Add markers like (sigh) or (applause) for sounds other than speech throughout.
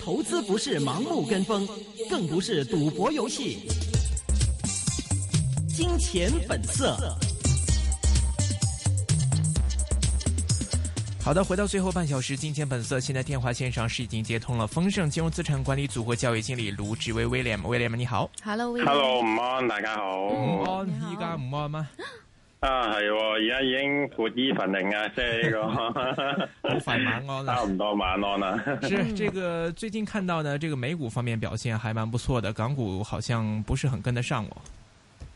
投資不是盲目跟風，更不是賭博遊戲。金錢本色。 (music) 好的，回到最後半小時《金錢本色》，現在電話線上是已經接通了。豐盛金融資產管理組合教育經理盧志威 William，William 你好。Hello，Hello，午安，大家好。午 (noise) 安樂，依家午安嗎？啥啊，係、哦，而家已經撥衣分零啊，即係呢個，好快晚安， (laughs) (laughs) 差唔多晚安啦。 (laughs) 是，這個最近看到呢，這個美股方面表現還蠻不錯嘅。港股好像不是很跟得上我。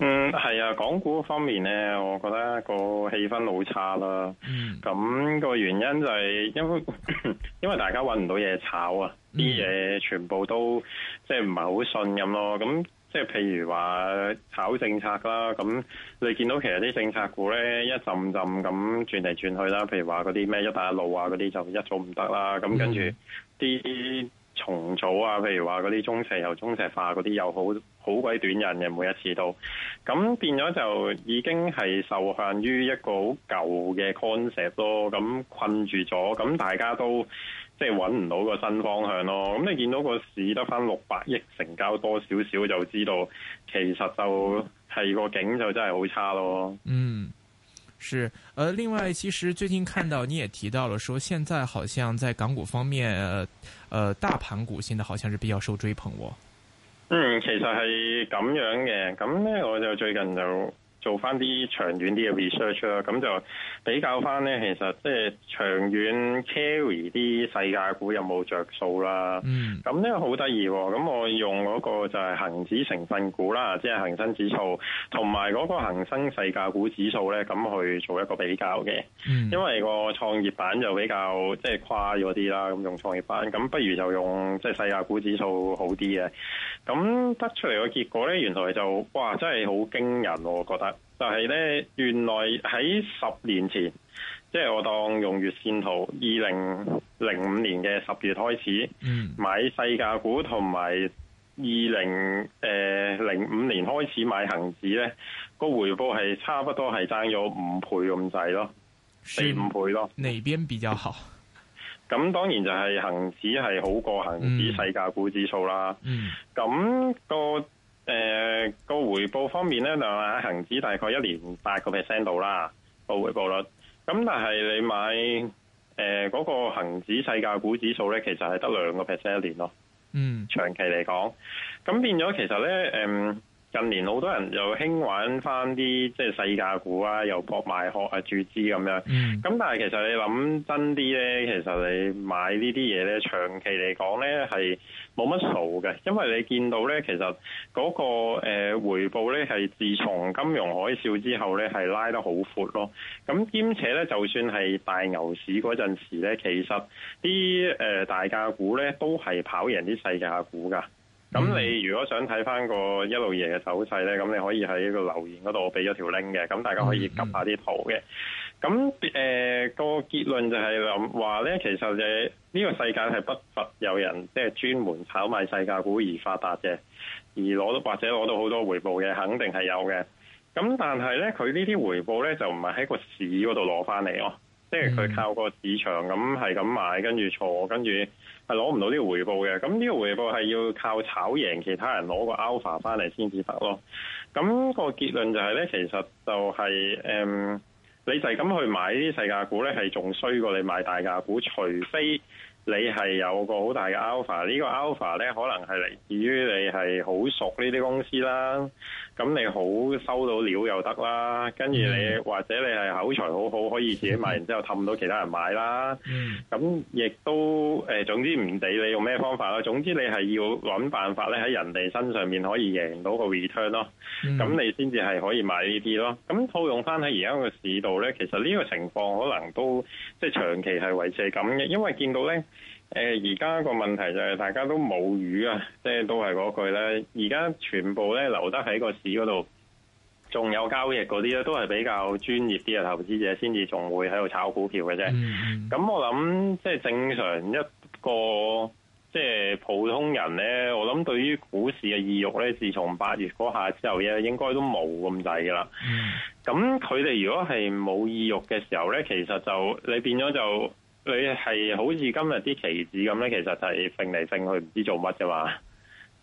嗯，係啊，港股方面呢，我覺得個氣氛好差啦。嗯。咁個原因就係、是，因為 (laughs) 因為大家搵唔到嘢炒啊，啲嘢、嗯、全部都即係唔係好信任咯，咁。即係譬如話炒政策啦，咁你見到其實啲政策股咧一陣陣咁轉嚟轉去啦，譬如話嗰啲咩一帶一路啊嗰啲就一早唔得啦，咁跟住啲重組啊，譬如話嗰啲中石油、中石化嗰啲又好好鬼短人嘅，每一次都咁變咗就已經係受限於一個好舊嘅 concept 咯，咁困住咗，咁大家都。即係搵唔到個新方向咯，咁你見到個市得返六百億成交多少少，就知道其實就係個景就真係好差咯。嗯，是，呃，另外其實最近看到你也提到了，說現在好像在港股方面，呃，大盤股現在好像是比較受追捧，喎。嗯，其實係咁樣嘅，咁咧我就最近就。做翻啲長遠啲嘅 research 啦，咁就比較翻咧，其實即係長遠 carry 啲細價股有冇着數啦。嗯、mm.，咁呢個好得意喎。咁我用嗰個就係恒指成分股啦，即係恒生指數同埋嗰個恆生細價股指數咧，咁去做一個比較嘅。因為個創業板就比較即係誇咗啲啦，咁、就是、用創業板，咁不如就用即係、就是、細價股指數好啲嘅。咁得出嚟嘅結果咧，原來就哇真係好驚人喎，我覺得。就係咧，原來喺十年前，即係我當用月線圖，二零零五年嘅十月開始、嗯、買細價股，同埋二零誒零五年開始買恒指咧，個回報係差不多係爭咗五倍咁滯咯，四五是倍咯。呢邊比較好？咁當然就係恒指係好過恒指細價股指數啦。咁、嗯嗯那個。誒，個、呃、回報方面咧就係恒指大概一年八個 percent 到啦，個回報率。咁但係你買誒嗰、呃，那個恒指世界股指數咧，其實係得兩個 percent 一年咯。嗯，長期嚟講，咁變咗其實咧，誒、呃。近年好多人又興玩翻啲即係細價股啊，又搏埋殼啊，注資咁樣。咁、mm hmm. 但係其實你諗真啲咧，其實你買呢啲嘢咧，長期嚟講咧係冇乜數嘅，因為你見到咧，其實嗰個回報咧係自從金融海嘯之後咧係拉得好闊咯。咁兼且咧，就算係大牛市嗰陣時咧，其實啲誒大價股咧都係跑贏啲細價股噶。咁、mm hmm. 你如果想睇翻個一路嘢嘅手勢咧，咁你可以喺個留言嗰度我俾咗條 link 嘅，咁大家可以 𥄫 下啲圖嘅。咁誒、呃那個結論就係話咧，其實就呢個世界係不乏有人即係、就是、專門炒賣世界股而發達嘅，而攞到或者攞到好多回報嘅，肯定係有嘅。咁但係咧，佢呢啲回報咧就唔係喺個市嗰度攞翻嚟咯，即係佢靠個市場咁係咁買跟住錯跟住。係攞唔到呢個回報嘅，咁呢個回報係要靠炒贏其他人攞個 Alpha 翻嚟先至得咯。咁、個結論就係、是、咧，其實就係、是、誒、嗯，你就係咁去買啲細價股咧，係仲衰過你買大價股，除非，你係有個好大嘅 alpha，呢個 alpha 咧可能係嚟自於你係好熟呢啲公司啦，咁你好收到料又得啦，跟住你或者你係口才好好，可以自己買然之後氹到其他人買啦。咁亦都誒，總之唔理你用咩方法啦，總之你係要諗辦法咧喺人哋身上面可以贏到個 return 咯。咁你先至係可以買呢啲咯。咁套用翻喺而家個市道咧，其實呢個情況可能都即係長期係維持係咁嘅，因為見到咧。誒，而家個問題就係大家都冇魚啊，即係都係嗰句咧。而家全部咧留得喺個市嗰度，仲有交易嗰啲咧，都係比較專業啲嘅投資者先至仲會喺度炒股票嘅啫。咁、mm hmm. 我諗，即係正常一個即係普通人咧，我諗對於股市嘅意欲咧，自從八月嗰下之後咧，應該都冇咁滯噶啦。咁佢哋如果係冇意欲嘅時候咧，其實就你變咗就。佢係好似今日啲期指咁咧，其實就係揈嚟揈去唔知做乜嘅嘛，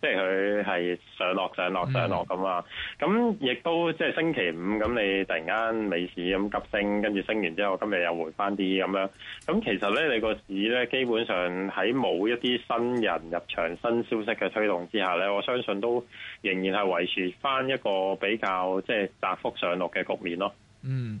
即係佢係上落上落上落咁啊。咁亦、嗯、都即係星期五咁，你突然間美市咁急升，跟住升完之後今日又回翻啲咁樣。咁其實咧，你個市咧基本上喺冇一啲新人入場、新消息嘅推動之下咧，我相信都仍然係維持翻一個比較即係窄幅上落嘅局面咯。嗯。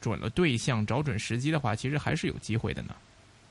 準了對象，找準時機的話，其實還是有機會的呢。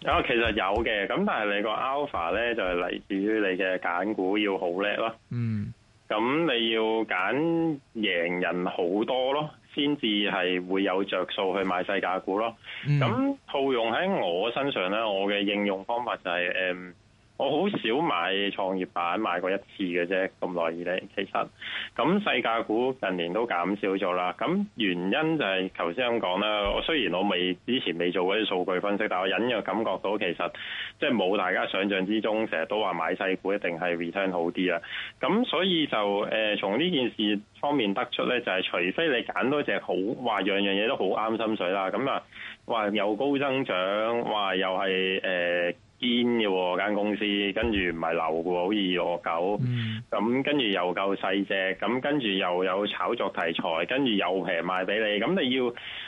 啊，其實有嘅，咁但係你個 alpha 咧就係嚟自於你嘅揀股要好叻咯。嗯，咁你要揀贏人好多咯，先至係會有着數去買細價股咯。咁、嗯、套用喺我身上咧，我嘅應用方法就係、是、誒。嗯我好少買創業板，買過一次嘅啫，咁耐以嚟。其實咁細價股近年都減少咗啦。咁原因就係頭先咁講啦。我雖然我未之前未做過啲數據分析，但我隱約感覺到其實即係冇大家想象之中，成日都話買細股一定係 return 好啲啊。咁所以就誒、呃，從呢件事方面得出咧，就係、是、除非你揀多隻好話，樣樣嘢都好啱心水啦。咁啊，話又高增長，話又係誒。呃堅嘅喎，間公司，跟住唔係流嘅，好似惡狗。嗯，咁跟住又夠細隻，咁跟住又有炒作題材，跟住又平賣俾你，咁你要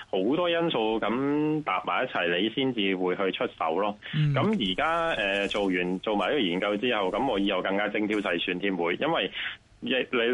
好多因素咁搭埋一齊，你先至會去出手咯。咁而家誒、做完做埋呢個研究之後，咁我以後更加精挑細選添會，因為你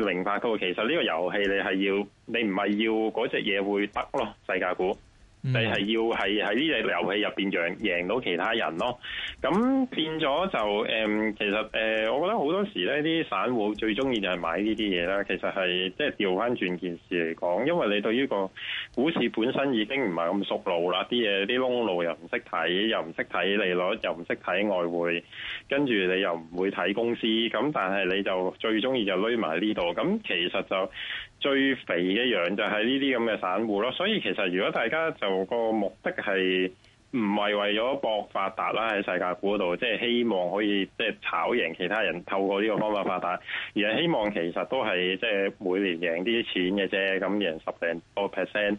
明白佢其實呢個遊戲你係要，你唔係要嗰隻嘢會得咯，世界股。Mm hmm. 你係要係喺呢隻遊戲入邊贏贏到其他人咯，咁變咗就誒、嗯，其實誒、呃，我覺得好多時咧，啲散戶最中意就係買呢啲嘢啦。其實係即係調翻轉件事嚟講，因為你對於個股市本身已經唔係咁熟路啦，啲嘢啲窿路又唔識睇，又唔識睇利率，又唔識睇外匯，跟住你又唔會睇公司，咁但係你就最中意就匿埋呢度，咁其實就。最肥嘅樣就係呢啲咁嘅散戶咯，所以其實如果大家就個目的係唔係為咗博發達啦喺世界股度，即係希望可以即係炒贏其他人，透過呢個方法發達，而係希望其實都係即係每年贏啲錢嘅啫，咁贏十零個 percent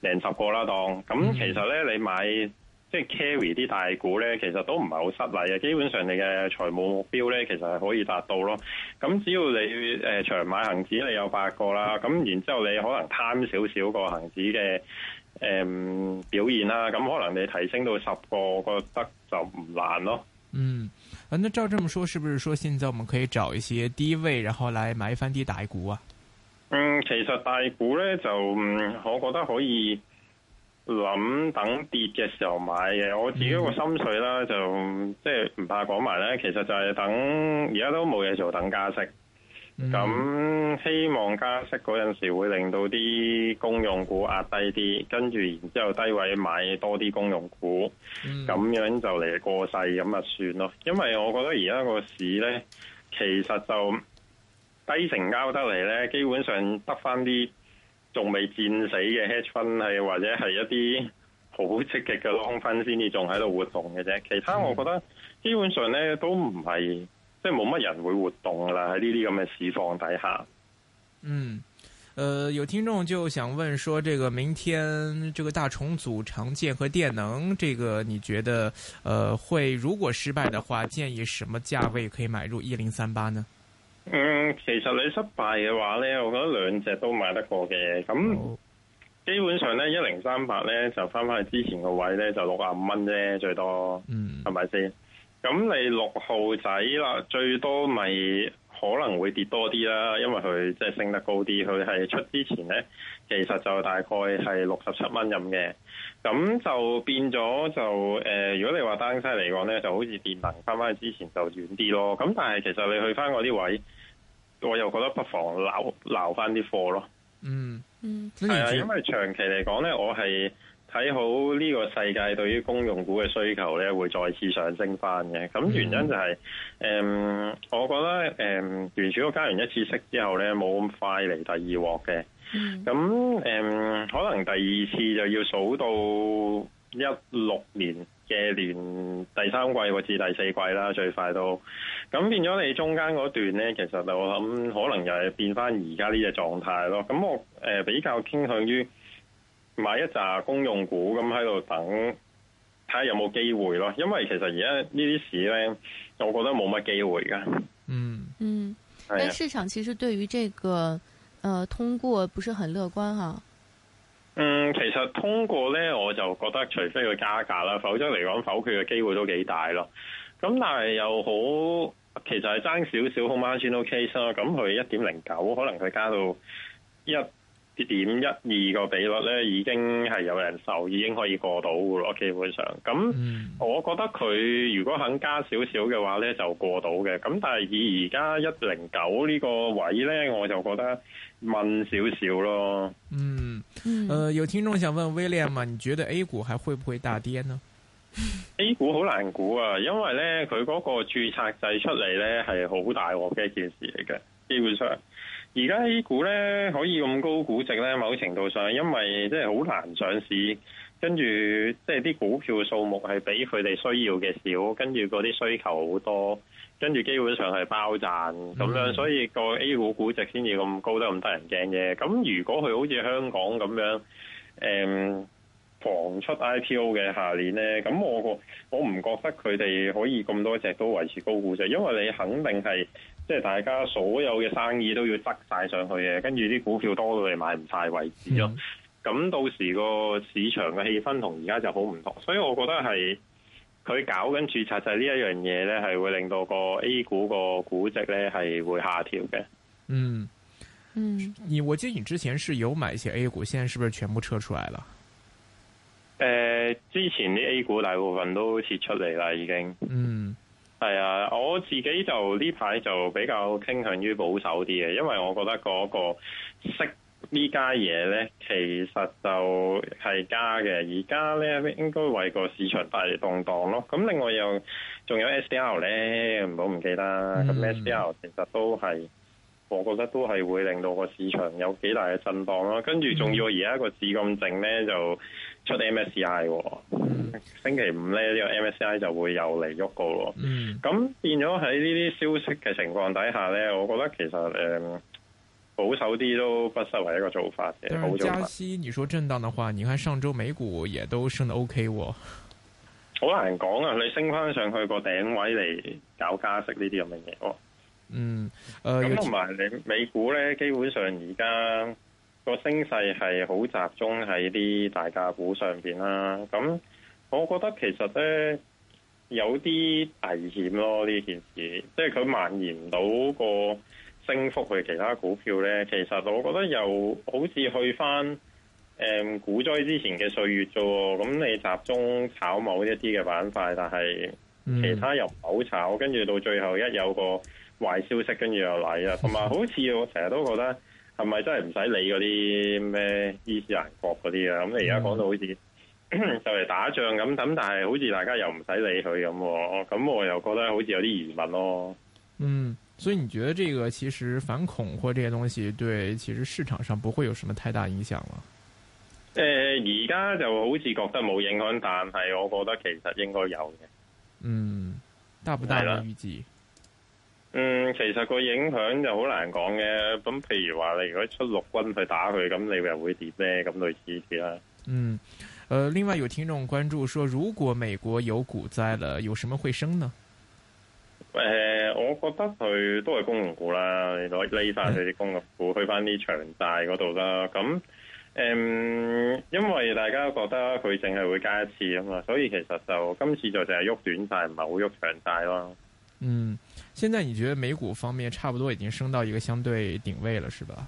零十個啦當，咁其實咧你買。即係 carry 啲大股咧，其實都唔係好失禮嘅。基本上你嘅財務目標咧，其實係可以達到咯。咁只要你誒長、呃、買恒指，你有八個啦。咁然之後你可能貪少少個恒指嘅誒、呃、表現啦。咁可能你提升到十個我覺得就唔難咯。嗯，啊，那照這麼說，是不是說現在我們可以找一些低位，然後來買翻啲大股啊？嗯，其實大股咧就、嗯，我覺得可以。諗等跌嘅時候買嘅，我自己個心水啦，mm hmm. 就即係唔怕講埋咧。其實就係等而家都冇嘢做，等加息。咁、mm hmm. 希望加息嗰陣時會令到啲公用股壓低啲，跟住然之後低位買多啲公用股，咁、mm hmm. 樣就嚟過世。咁啊算咯。因為我覺得而家個市咧，其實就低成交得嚟咧，基本上得翻啲。仲未戰死嘅 hedge 分係或者係一啲好積極嘅 long 分先至仲喺度活動嘅啫。其他我覺得基本上咧都唔係，即係冇乜人會活動噶啦，喺呢啲咁嘅市況底下。嗯，呃，有聽眾就想問說這個明天這個大重組長建和電能，這個你覺得，呃，會如果失敗的話建議什麼價位可以買入一零三八呢？嗯，其實你失敗嘅話咧，我覺得兩隻都買得過嘅。咁好基本上咧，一零三八咧就翻翻去之前個位咧，就六十五蚊啫最多。嗯，係咪先？咁你六號仔啦，最多咪可能會跌多啲啦，因為佢即係升得高啲，佢係出之前咧，其實就大概係六十七蚊任嘅。咁就變咗就誒、呃，如果你話單身嚟講咧，就好似電能翻翻去之前就遠啲咯。咁但係其實你去翻嗰啲位。我又覺得不妨撈撈翻啲貨咯、嗯。嗯嗯，係啊，因為長期嚟講咧，我係睇好呢個世界對於公用股嘅需求咧會再次上升翻嘅。咁原因就係、是，誒、嗯嗯，我覺得誒、嗯，原先我加完一次息之後咧冇咁快嚟第二鑊嘅。咁誒、嗯嗯，可能第二次就要數到一六年。嘅年第三季或者第四季啦，最快都咁變咗。你中間嗰段咧，其實就我諗可能又係變翻而家呢隻狀態咯。咁我誒、呃、比較傾向於買一紮公用股咁喺度等，睇下有冇機會咯。因為其實而家呢啲市咧，我覺得冇乜機會噶。嗯嗯，的但市場其實對於這個，誒、呃、通過不是很樂觀啊。嗯，其實通過咧，我就覺得，除非佢加價啦，否則嚟講否決嘅機會都幾大咯。咁但係又好，其實係爭少少，much in case 咯。咁佢一點零九，09, 可能佢加到一點一二個比率咧，已經係有人受，已經可以過到噶咯。基本上，咁我覺得佢如果肯加少少嘅話咧，就過到嘅。咁但係以而家一零九呢個位咧，我就覺得問少少咯。嗯。嗯、呃，有聽眾想問 William 嘛？你覺得 A 股還會不會大跌呢？A 股好難估啊，因為咧佢嗰個注冊制出嚟咧係好大鑊嘅一件事嚟嘅，基本上而家 A 股咧可以咁高估值咧，某程度上因為即係好難上市。跟住，即係啲股票嘅數目係比佢哋需要嘅少，跟住嗰啲需求好多，跟住基本上係包賺咁、嗯、樣，所以個 A 股估值先至咁高得咁得人驚嘅。咁如果佢好似香港咁樣誒狂、嗯、出 IPO 嘅下年咧，咁我我唔覺得佢哋可以咁多隻都維持高估值，因為你肯定係即係大家所有嘅生意都要執晒上去嘅，跟住啲股票多到你買唔晒為止咯。嗯咁到時個市場嘅氣氛同而家就好唔同，所以我覺得係佢搞緊註冊制呢一樣嘢咧，係會令到個 A 股個估值，咧係會下調嘅。嗯嗯，而、嗯、我記得你之前是有買一些 A 股，現在是不是全部撤出來了？誒、呃，之前啲 A 股大部分都撤出嚟啦，已經。嗯，係啊，我自己就呢排就比較傾向於保守啲嘅，因為我覺得嗰個息。呢家嘢咧，其實就係加嘅，而家咧應該為個市場帶嚟動盪咯。咁另外又仲有 S D R 咧，唔好唔記得。咁 S, S D R 其實都係，我覺得都係會令到個市場有幾大嘅震盪咯。跟住仲要而家個市咁靜咧，就出 M S C I 喎。星期五咧，呢個 M S C I 就會又嚟喐個咯。咁、嗯、變咗喺呢啲消息嘅情況底下咧，我覺得其實誒。呃保守啲都不失為一個做法嘅，好做法。但係加息，你說震盪的話，你看上周美股也都升得 OK，喎，好難講啊！你升翻上去個頂位嚟搞加息呢啲咁嘅嘢，嗯，咁同埋你美股咧，基本上而家個升勢係好集中喺啲大價股上邊啦。咁我覺得其實咧有啲危險咯，呢件事，即係佢蔓延唔到個。升幅去其他股票咧，其實我覺得又好似去翻誒、嗯、股災之前嘅歲月啫喎。咁你集中炒某一啲嘅板塊，但係其他又唔好炒，跟住到最後一有個壞消息，跟住又嚟啦。同埋好似我成日都覺得，係咪真係唔使理嗰啲咩伊斯蘭國嗰啲啊？咁你而家講到好似、嗯、 (coughs) 就嚟打仗咁，咁但係好似大家又唔使理佢咁，咁我又覺得好似有啲疑問咯。嗯。所以你覺得這個其實反恐或這些東西對其實市場上不會有什麼太大影響嗎？誒、呃，而家就好似覺得冇影響，但係我覺得其實應該有嘅。嗯，大不大預計？嗯，其實個影響就好難講嘅。咁譬如話，你如果出陸軍去打佢，咁你又會跌咩？咁類似啲啦。嗯，誒、呃，另外有聽眾關注說，如果美國有股災了，有什麼會升呢？誒，我覺得佢都係公用股啦，你攞匿晒佢啲公用股去翻啲長債嗰度啦。咁，誒，因為大家覺得佢淨係會加一次啊嘛，所以其實就今次就淨係喐短債，唔係好喐長債咯。嗯，現在你覺得美股方面差不多已經升到一個相對頂位了，是吧？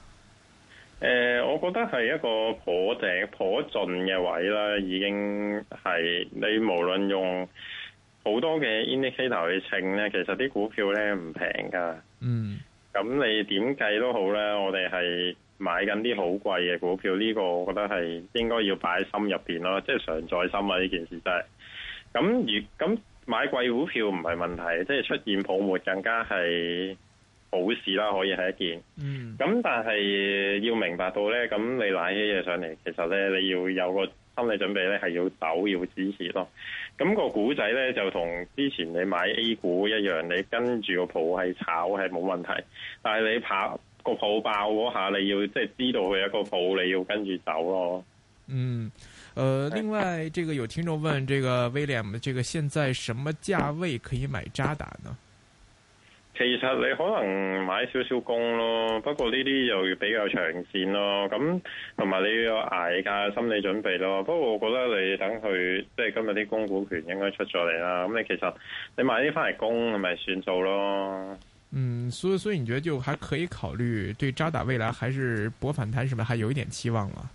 誒、嗯，我覺得係一個頗頂頗盡嘅位啦，已經係你無論用。好多嘅 indicator 去稱咧，其實啲股票咧唔平噶。嗯，咁你點計都好咧，我哋係買緊啲好貴嘅股票，呢個我覺得係應該要擺喺心入邊咯，即係常在心啊！呢件事真係。咁如咁買貴股票唔係問題，即係出現泡沫更加係好事啦，可以係一件。嗯。咁但係要明白到咧，咁你攋起嘢上嚟，其實咧你要有個心理準備咧，係要走要支持咯。咁個股仔咧就同之前你買 A 股一樣，你跟住個普係炒係冇問題，但係你跑個普爆嗰下，你要即係知道佢一個普，你要跟住走咯。嗯，誒、呃，另外，這個有聽眾問，這個 William，這個現在什麼價位可以買渣打呢？其實你可能買少少供咯，不過呢啲又要比較長線咯，咁同埋你要有挨價心理準備咯。不過我覺得你等佢，即係今日啲供股權應該出咗嚟啦。咁你其實你買啲翻嚟供，咪算數咯。嗯，所以所以你覺得就還可以考慮對渣打未來還是博反彈，是不是還有一點期望啊？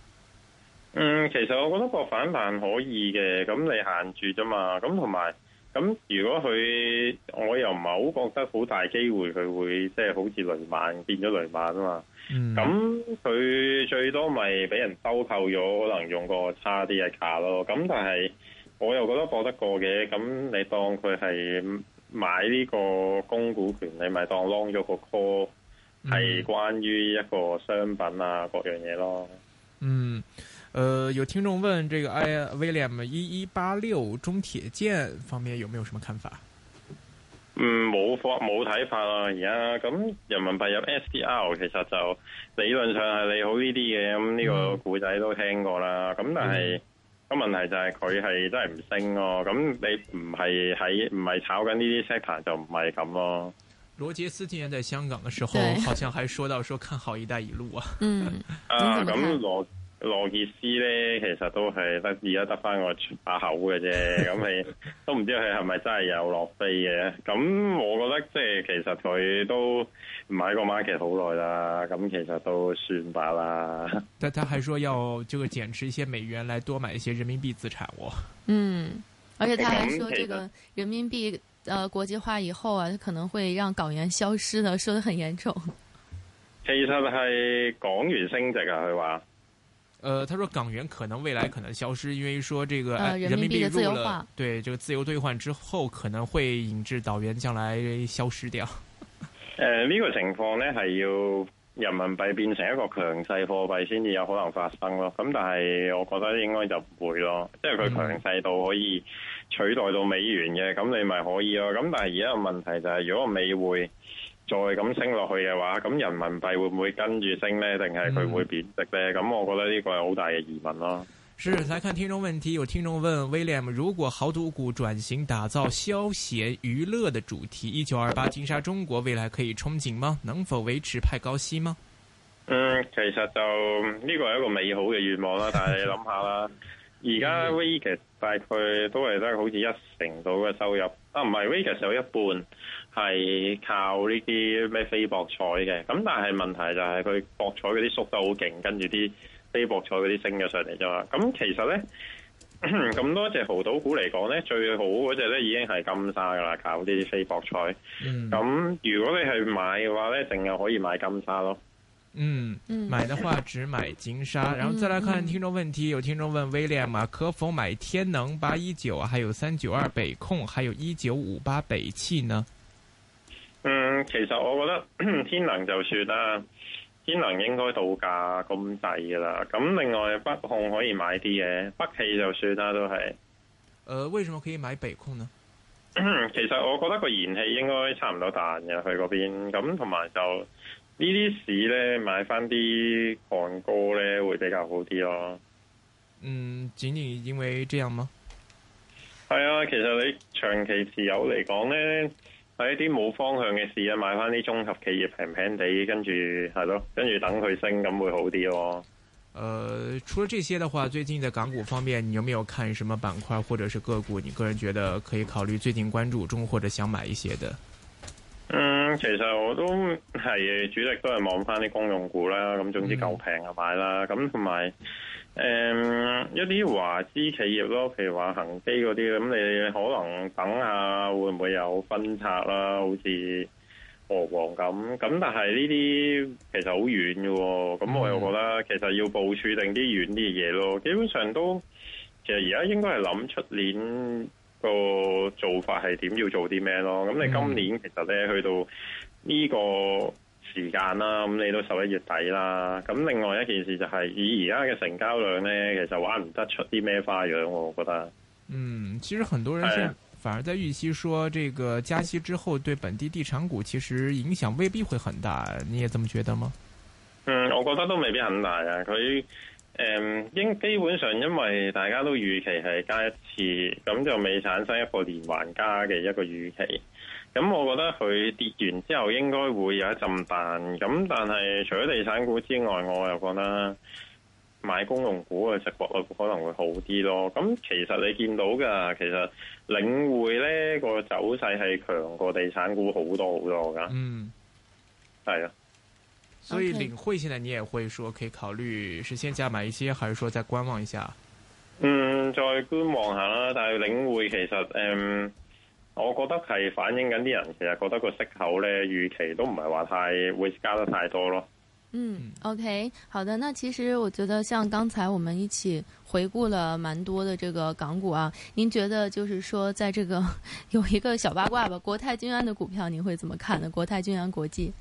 嗯，其實我覺得博反彈可以嘅，咁你限住啫嘛，咁同埋。咁如果佢，我又唔係好覺得好大機會佢會即係好似雷曼變咗雷曼啊嘛。咁佢、嗯、最多咪俾人收購咗，可能用個差啲嘅價咯。咁但係我又覺得搏得過嘅。咁你當佢係買呢個供股權，你咪當 long 咗個 call 係、嗯、關於一個商品啊各樣嘢咯。嗯。誒、呃，有聽眾問這個 I, William 一一八六中鐵建方面有沒有什麼看法？嗯，冇法冇睇法咯，而家咁人民幣入 SDR 其實就理論上係利好呢啲嘅，咁、嗯、呢、嗯、個古仔都聽過啦。咁但係個、嗯、問題就係佢係真係唔升咯、啊。咁、嗯、你唔係喺唔係炒緊呢啲 set 就唔係咁咯。羅傑斯之前在香港嘅時候，對好像還說到說看好一帶一路啊。嗯，咁羅。羅傑斯咧，其實都係得而家得翻個把口嘅啫，咁佢都唔知佢係咪真係有落飛嘅。咁我覺得即係其實佢都唔喺個 market 好耐啦，咁其實都算罷啦。但係他還說要這個減持一些美元，來多買一些人民幣資產。我嗯，而且他還說這個人民幣呃國際化以後啊，可能會讓港元消失的，說得很嚴重。其實係港元升值啊，佢話。呃，他說港元可能未來可能消失，因為說這個、呃、人民幣入自由化，對，這個自由兌換之後可能會引致島元將來消失掉。誒、呃、呢、這個情況呢，係要人民幣變成一個強勢貨幣先至有可能發生咯。咁但係我覺得應該就唔會咯，即係佢強勢到可以取代到美元嘅，咁你咪可以咯。咁但係而家個問題就係如果美匯。再咁升落去嘅話，咁人民幣會唔會跟住升呢？定係佢會貶值呢？咁我覺得呢個係好大嘅疑問咯。是，來看聽眾問題，有聽眾問 William：如果濠賭股轉型打造消閒娛樂嘅主題，一九二八金沙中國未來可以憧憬嗎？能否維持派高息嗎？嗯，其實就呢、這個係一個美好嘅願望啦，但係你諗下啦。 (laughs) 而家 Vegas 大概都係得好似一成到嘅收入，啊唔係 Vegas 有一半係靠呢啲咩非博彩嘅，咁但係問題就係佢博彩嗰啲縮得好勁，跟住啲非博彩嗰啲升咗上嚟啫嘛，咁其實咧咁多隻濠賭股嚟講咧，最好嗰隻咧已經係金沙噶啦，靠啲非博彩，咁、嗯、如果你係買嘅話咧，淨係可以買金沙咯。嗯，買的話只買金沙，然後再來看,看聽眾問題，嗯、有聽眾問 William 可否買天能八一九，還有三九二北控，還有一九五八北汽呢？嗯，其實我覺得天能就算啦，天能應該到價咁滯噶啦，咁另外北控可以買啲嘢，北汽就算啦都係。呃，為什麼可以買北控呢？其實我覺得個燃氣應該差唔多彈嘅，去嗰邊咁，同埋就。呢啲市咧，買翻啲港股咧會比較好啲咯。嗯，僅僅因為這樣嗎？係啊，其實你長期持有嚟講咧，喺啲冇方向嘅市啊，買翻啲綜合企業平平地，跟住係咯，跟住等佢升咁會好啲咯。誒，除了這些嘅話，最近喺港股方面，你有冇有看什麼板塊或者是個股？你個人覺得可以考慮最近關注中或者想買一些的？嗯，其實我都。係主力都係望翻啲公用股啦，咁總之夠平啊，買啦，咁同埋誒一啲華資企業咯，譬如話恒基嗰啲，咁你可能等下會唔會有分拆啦，好似和黃咁，咁但係呢啲其實好遠嘅，咁我又覺得其實要部署定啲遠啲嘅嘢咯，基本上都其實而家應該係諗出年個做法係點，要做啲咩咯，咁你今年其實咧去到。呢個時間啦，咁、嗯、你都十一月底啦。咁另外一件事就係以而家嘅成交量呢，其實玩唔得出啲咩花樣，我覺得。嗯，其實很多人反而在預期，說這個加息之後對本地地產股其實影響未必會很大。你也這麼覺得嗎？嗯，我覺得都未必很大啊。佢誒應基本上因為大家都預期係加一次，咁就未產生一個連環加嘅一個預期。咁我覺得佢跌完之後應該會有一陣彈，咁但係除咗地產股之外，我又覺得買公用股嘅值博率可能會好啲咯。咁其實你見到噶，其實領匯咧個走勢係強過地產股好多好多噶。嗯，係啊。所以領匯現在你也會說可以考慮是先價買一些，還是說再觀望一下？嗯，一一下嗯，再觀望下啦。但係領匯其實誒。嗯我覺得係反映緊啲人其實覺得個息口咧預期都唔係話太會加得太多咯。嗯，OK，好的。那其實我覺得，像剛才我們一起回顧了蠻多的這個港股啊，您覺得就是說，在這個有一個小八卦吧，國泰君安的股票，你會怎麼看呢？啊？國泰君安國際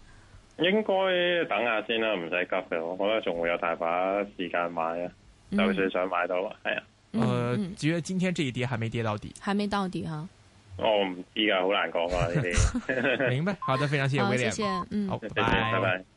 應該等下先啦，啊，唔使急嘅。我覺得仲會有大把時間買啊，就算想買到係啊。呃，只係今天這一跌，還沒跌到底，還沒到底哈，啊。我唔知㗎，好、哦、難講啊呢啲。你 (laughs) (laughs) 明白，好的，非常謝謝 William。 (laughs) William 好，謝謝，嗯，好，拜拜，謝謝，拜拜。